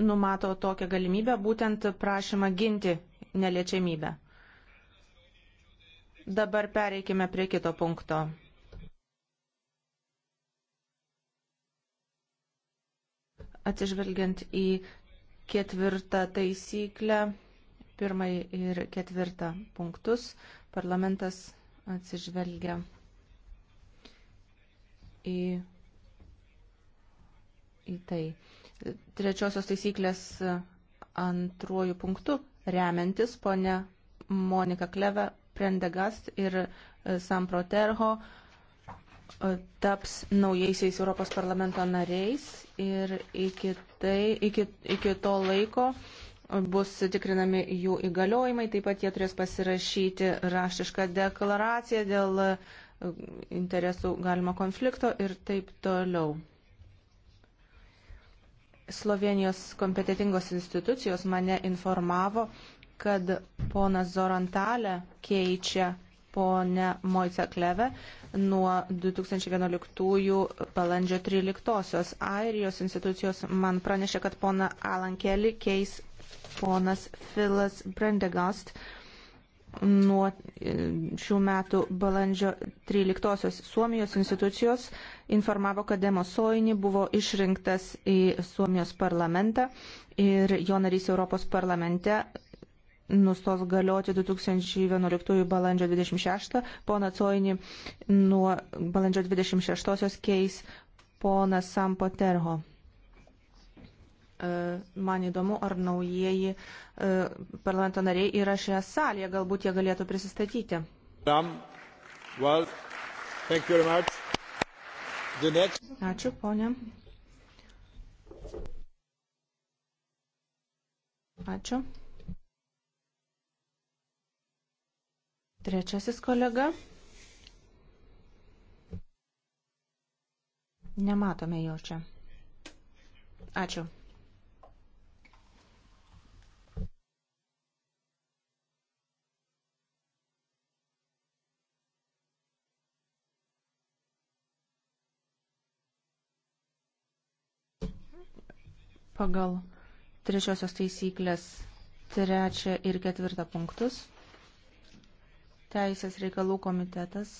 numato tokią galimybę, būtent prašymą ginti neliečiamybę. Dabar pereikime prie kito punkto. Atsižvelgiant į ketvirtą taisyklę, pirmąjį ir ketvirtą punktus, parlamentas atsižvelgia į į tai. Trečiosios taisyklės antruoju punktu remiantis ponia Monika Kleve, Prendegast ir e, Samproterho e, taps naujaisiais Europos parlamento nariais ir iki, tai, iki, iki to laiko bus tikrinami jų įgaliojimai, taip pat jie turės pasirašyti raštišką deklaraciją dėl e, interesų galimo konflikto ir taip toliau. Slovenijos kompetitingos institucijos mane informavo, kad ponas Zorantalė keičia ponę Moice Kleve nuo 2011 balandžio 13-osios. Airijos institucijos man pranešė, kad pona Alan Kelly keis ponas Filas Brendegast nuo e, šių metų balandžio 13-osios Suomijos institucijos informavo, kad Demosoini buvo išrinktas į Suomijos parlamentą ir jo narys Europos parlamente nustos galioti 2011 balandžio 26, pona Coini nuo balandžio 26-osios keis pona Sampo Terho. E, man įdomu, ar naujieji e, parlamento nariai yra šioje salėje, galbūt jie galėtų prisistatyti. Well, next... Ačiū, ponė. Ačiū. Trečiasis kolega. Nematome jo čia. Ačiū. pagal trečiosios taisyklės trečią ir ketvirtą punktus. Teisės reikalų komitetas